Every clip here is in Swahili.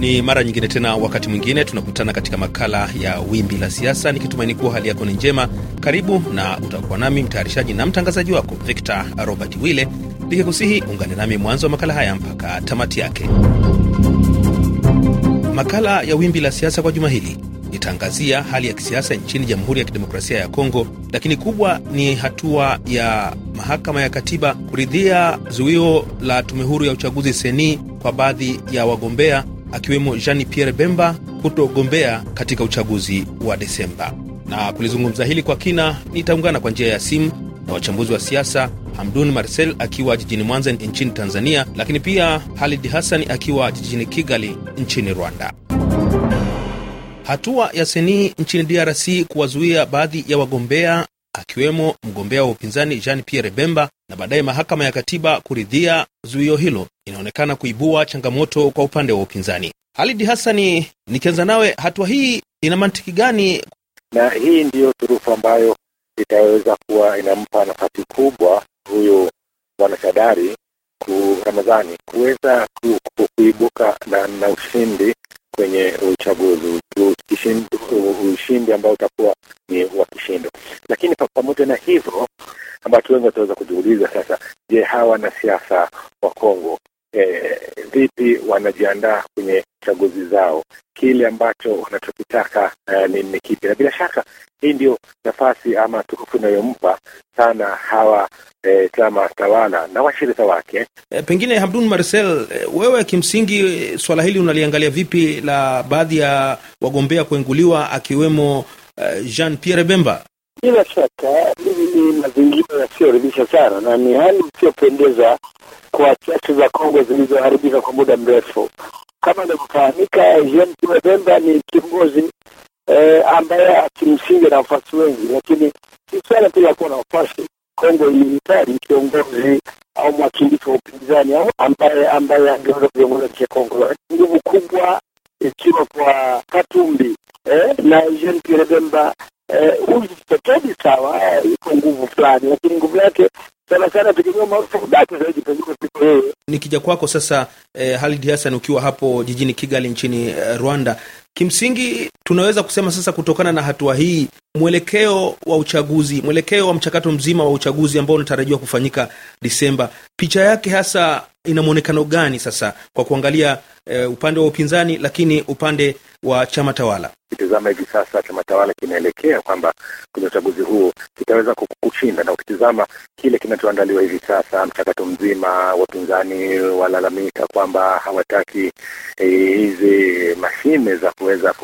Ni mara nyingine tena, wakati mwingine tunakutana katika makala ya Wimbi la Siasa, nikitumaini kuwa hali yako ni njema. Karibu na utakuwa nami mtayarishaji na mtangazaji wako Victor Robert Wille, nikikusihi ungane nami mwanzo wa makala haya mpaka tamati yake. Makala ya Wimbi la Siasa kwa juma hili itaangazia hali ya kisiasa nchini Jamhuri ya Kidemokrasia ya Kongo, lakini kubwa ni hatua ya mahakama ya katiba kuridhia zuio la tume huru ya uchaguzi seni kwa baadhi ya wagombea akiwemo Jean Pierre Bemba kutogombea katika uchaguzi wa Desemba. Na kulizungumza hili kwa kina, nitaungana kwa njia ya simu na wachambuzi wa siasa Hamdun Marcel akiwa jijini Mwanza nchini Tanzania, lakini pia Halid Hassani akiwa jijini Kigali nchini Rwanda. Hatua ya Senii nchini DRC kuwazuia baadhi ya wagombea akiwemo mgombea wa upinzani Jean Pierre Bemba na baadaye mahakama ya katiba kuridhia zuio hilo, inaonekana kuibua changamoto kwa upande wa upinzani. Halidi hasani nikianza nawe, hatua hii ina mantiki gani? Na hii ndiyo turufu ambayo itaweza kuwa inampa nafasi kubwa huyu bwana Shadari Ramadhani kuweza kuibuka na, na ushindi kwenye uchaguzi, ushindi, ushindi ambao utakuwa ni wa kishindo. Lakini pamoja na hivyo, watu wengi wataweza kujiuliza sasa, je, hawa wanasiasa wa Kongo eh, vipi wanajiandaa kwenye chaguzi zao, kile ambacho wanachokitaka uh, ni, ni kipi, na bila shaka hii ndio nafasi ama tukufu inayompa sana hawa eh, chama tawala na washirika wake. E, pengine Hamdun Marcel, eh, wewe kimsingi swala hili unaliangalia vipi, la baadhi ya wagombea kuenguliwa akiwemo uh, Jean Pierre Bemba? Bila shaka ni mazingira yasiyoridhisha sana na ni hali isiyopendeza kwa siasa za Kongo zilizoharibika kwa muda mrefu. Kama inavyofahamika, Jean Pierre Bemba ni kiongozi eh, ambaye akimsingi na wafuasi wengi, lakini si swala tu la kuwa na wafuasi. Kongo ilimhitaji kiongozi au mwakilishi wa upinzani au ambaye ambaye angeweza kuiongoza nchi ya Kongo. Nguvu kubwa ikiwa kwa Katumbi eh, na Jean Pierre Bemba uzi eh, sawa, iko eh, nguvu fulani, lakini nguvu yake sana sana tegemea zaidi yeye. Nikija kwako sasa, eh, Halid Hassan, ukiwa hapo jijini Kigali nchini eh, Rwanda, kimsingi tunaweza kusema sasa, kutokana na hatua hii, mwelekeo wa uchaguzi, mwelekeo wa mchakato mzima wa uchaguzi ambao unatarajiwa kufanyika Disemba, picha yake hasa ina mwonekano gani sasa kwa kuangalia uh, upande wa upinzani, lakini upande wa chama tawala. Ukitizama hivi sasa chama tawala kinaelekea kwamba kwenye uchaguzi huo kitaweza kushinda, na ukitizama kile kinachoandaliwa hivi sasa, mchakato mzima, wapinzani walalamika kwamba hawataki eh, hizi e, mashine za kuweza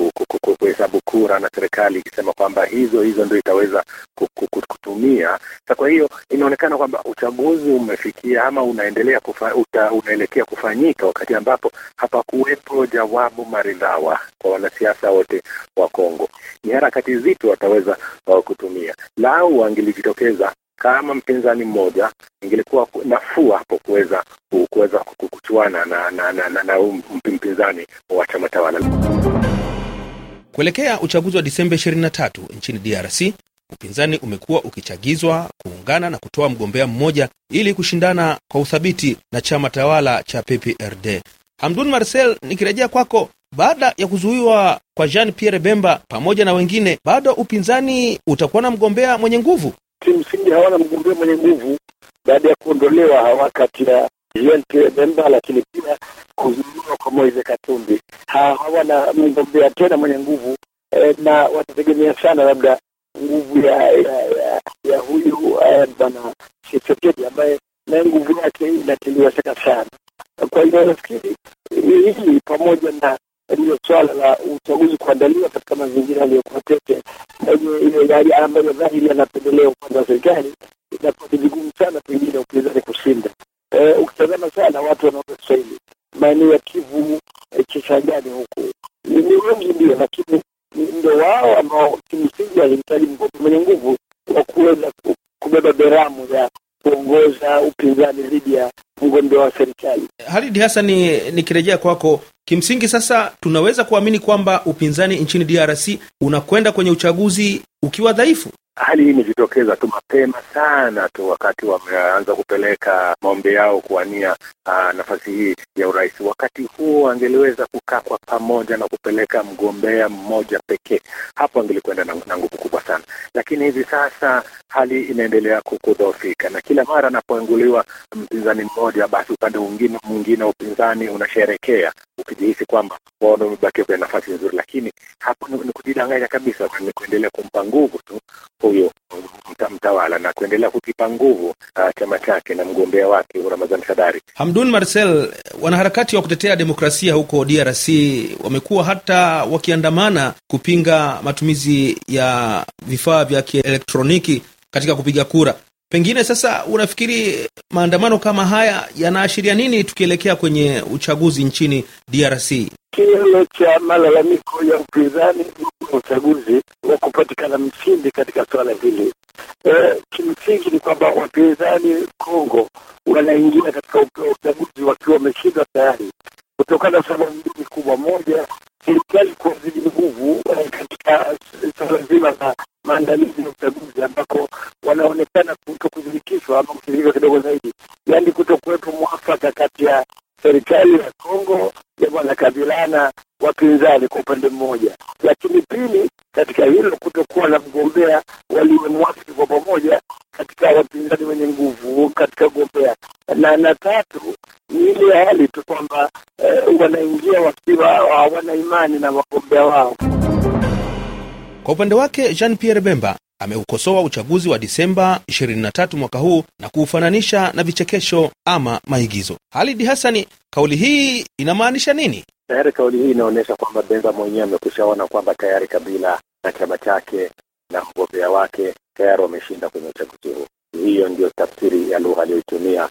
kuhesabu kura, na serikali ikisema kwamba hizo hizo ndio itaweza kutumia. Sa kwa hiyo inaonekana kwamba uchaguzi umefikia ama unaendelea kufa, uta, unaelekea kufanyika wakati ambapo hapa pakuwepo jawabu maridhawa kwa wanasiasa wote wa Kongo. Ni harakati zipi wataweza uh, kutumia? Lau wangelijitokeza kama mpinzani mmoja, ingelikuwa nafuu hapo kuweza kuweza kuchuana na, na, na, na, na um, mpinzani wa chama tawala. Kuelekea uchaguzi wa Disemba 23 nchini DRC, upinzani umekuwa ukichagizwa kuungana na kutoa mgombea mmoja ili kushindana kwa uthabiti na chama tawala cha PPRD. Hamdun Marcel, nikirejea kwako, baada ya kuzuiwa kwa Jean Pierre Bemba pamoja na wengine, bado upinzani utakuwa na mgombea mwenye nguvu? Kimsingi hawana mgombea mwenye nguvu baada ya kuondolewa hawa kati ya Jean Pierre Bemba, lakini pia kuzuiwa kwa Moise Katumbi, hawana mgombea tena mwenye nguvu e, na watategemea sana labda nguvu ya, ya, ya, ya huyu eh, bwana Tshisekedi ambaye naye nguvu yake inatiliwa shaka sana kwa hiyo nafikiri eh, hili pamoja na hiyo swala la uchaguzi kuandaliwa katika mazingira yaliyokuwa tete ambayo dhahiri yanapendelea upande wa serikali, inakuwa ni vigumu sana pengine upinzani kushinda. Eh, ukitazama sana watu wanaona Kiswahili maeneo ya Kivu, eh, Kisangani huku ni wengi ndio, lakini ndo wao ambao kimsingi walihitaji mgombea mwenye nguvu wa kuweza kubeba beramu ya kuongoza upinzani dhidi ya mgombea wa serikali. Halidi Hasani, nikirejea kwako, kimsingi sasa tunaweza kuamini kwamba upinzani nchini DRC unakwenda kwenye uchaguzi ukiwa dhaifu? Hali hii imejitokeza tu mapema sana tu wakati wameanza kupeleka maombi yao kuwania ah, nafasi hii ya urais. Wakati huo angeliweza kukaa kwa pamoja na kupeleka mgombea mmoja pekee, hapo angelikwenda na nguvu kubwa sana, lakini hivi sasa hali inaendelea kudhoofika, na kila mara anapoanguliwa mpinzani mmoja, basi upande mwingine mwingine wa upinzani unasherekea ukijihisi kwamba wao ndio wamebakia kwenye nafasi nzuri, lakini hapo ni kujidanganya kabisa, ni kuendelea kumpa nguvu tu huyo mtawala na kuendelea kukipa nguvu uh, chama chake na mgombea wake Ramadhan Shadari. Hamdun Marcel, wanaharakati wa kutetea demokrasia huko DRC wamekuwa hata wakiandamana kupinga matumizi ya vifaa vya kielektroniki katika kupiga kura. Pengine sasa unafikiri maandamano kama haya yanaashiria nini tukielekea kwenye uchaguzi nchini DRC? Kilele cha malalamiko ya upinzani wa uchaguzi wa kupatikana mshindi katika suala hili e, kimsingi ni kwamba wapinzani Kongo wanaingia katika uchaguzi wakiwa wameshindwa tayari kutokana na sababu mbili kubwa. Moja serikali kuwazidi nguvu eh, katika suala zima la maandalizi ya uchaguzi, ambako wanaonekana kuto kushirikishwa ama kushirikishwa kidogo zaidi, yaani kuto kuwepo mwafaka kati ya serikali ya Kongo ya Bwana Kabila na wapinzani kwa upande mmoja, lakini pili, katika hilo kutokuwa na mgombea mwafiki kwa pamoja katika wapinzani wenye nguvu katika gombea, na na tatu ni ile hali tu kwamba eh, wanaingia wakiwa hawana imani na wagombea wao. Kwa upande wake Jean Pierre Bemba ameukosoa uchaguzi wa Disemba 23 mwaka huu na kuufananisha na vichekesho ama maigizo. Halidi Hassani, kauli hii inamaanisha nini? Tayari kauli hii inaonyesha kwamba Benza mwenyewe amekushaona kwamba tayari Kabila na chama chake na mgombea wake tayari wameshinda kwenye uchaguzi huu. Hiyo ndio tafsiri ya lugha aliyoitumia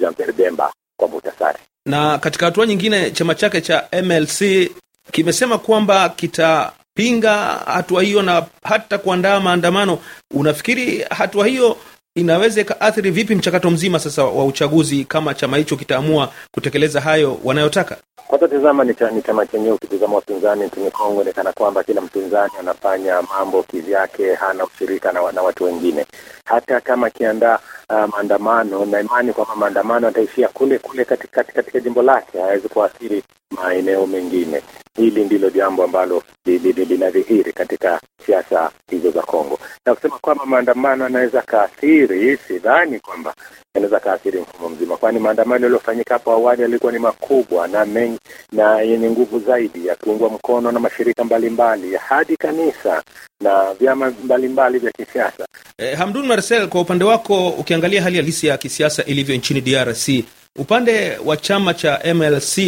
Jean Pierre Bemba kwa muhtasari. Na katika hatua nyingine, chama chake cha MLC kimesema kwamba kitapinga hatua hiyo na hata kuandaa maandamano. Unafikiri hatua hiyo inaweza ikaathiri vipi mchakato mzima sasa wa uchaguzi, kama chama hicho kitaamua kutekeleza hayo wanayotaka? Kwanza tizama ni chama chenyewe. Ukitizama wapinzani nchini Kongo ni kwamba kila mpinzani anafanya mambo kivyake, hana ushirika na, na watu wengine, hata kama akiandaa uh, maandamano na imani kwamba maandamano ataishia kule kule katika, katika jimbo lake, hawezi kuathiri maeneo mengine. Hili ndilo jambo ambalo linadhihiri katika siasa hizo za Kongo, na kusema kwamba maandamano anaweza kaathiri, sidhani kwamba yanaweza kaathiri mfumo mzima, kwani maandamano yaliyofanyika hapo awali yalikuwa ni makubwa na mengi na yenye nguvu zaidi, yakiungwa mkono na mashirika mbalimbali mbali, hadi kanisa na vyama mbalimbali vya kisiasa. Eh, Hamdun Marcel, kwa upande wako ukiangalia hali halisi ya kisiasa ilivyo nchini DRC, upande wa chama cha MLC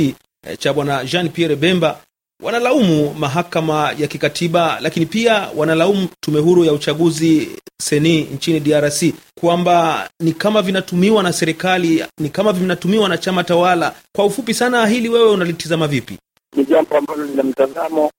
eh, cha bwana Jean Pierre Bemba wanalaumu mahakama ya kikatiba lakini pia wanalaumu tume huru ya uchaguzi seni nchini DRC kwamba ni kama vinatumiwa na serikali, ni kama vinatumiwa na chama tawala. Kwa ufupi sana, hili wewe unalitizama vipi? Ni jambo ambalo lina mtazamo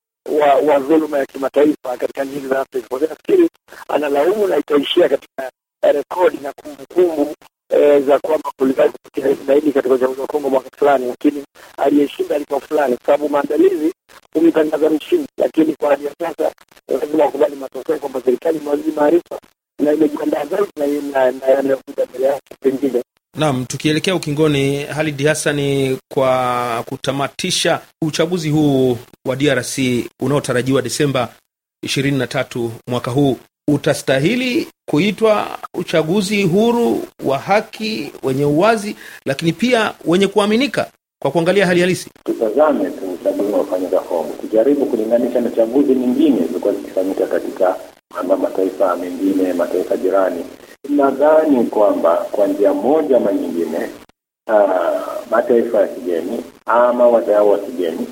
wa, wa dhuluma ya kimataifa katika nchi za Afrika. Kwa nafikiri analaumu na itaishia katika eh, rekodi na kumbukumbu e, za kwamba kuliweza kutia katika uchaguzi wa Kongo mwaka fulani, lakini aliyeshinda alikuwa fulani, kwa sababu maandalizi kumtangaza mshindi, lakini kwa hali ya sasa lazima wakubali matokeo kwamba serikali imewazidi maarifa na imejiandaa zaidi na yanayokuja mbele yake pengine Naam, tukielekea ukingoni, halidi Hassani, kwa kutamatisha uchaguzi huu wa DRC unaotarajiwa Desemba ishirini na tatu mwaka huu, utastahili kuitwa uchaguzi huru wa haki, wenye uwazi, lakini pia wenye kuaminika, kwa kuangalia hali halisi? Tutazame tu unaofanyika Kongo, tukijaribu kulinganisha na chaguzi nyingine zilikuwa zikifanyika katika ama mataifa mengine, mataifa jirani, nadhani kwamba kwa njia moja ama nyingine, uh, mataifa ya kigeni ama wadau wa kigeni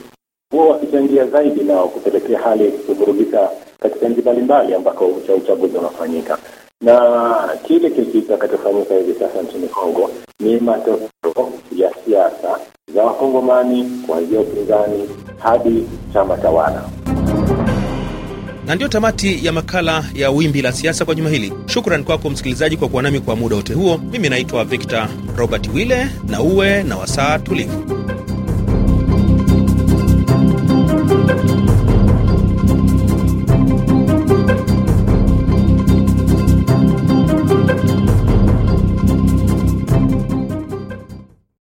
huwa wakichangia zaidi na kupelekea hali ya kuvurugika katika nchi mbalimbali ambako cha uchaguzi unafanyika, na kile kilichokachofanyika hivi sasa nchini Kongo ni matokeo ya siasa za Wakongomani kwa upinzani hadi chama tawala na ndiyo tamati ya makala ya wimbi la siasa kwa juma hili. Shukran kwako msikilizaji kwa kuwa nami kwa muda wote huo. Mimi naitwa Victor Robert Wille, na uwe na wasaa tulivu.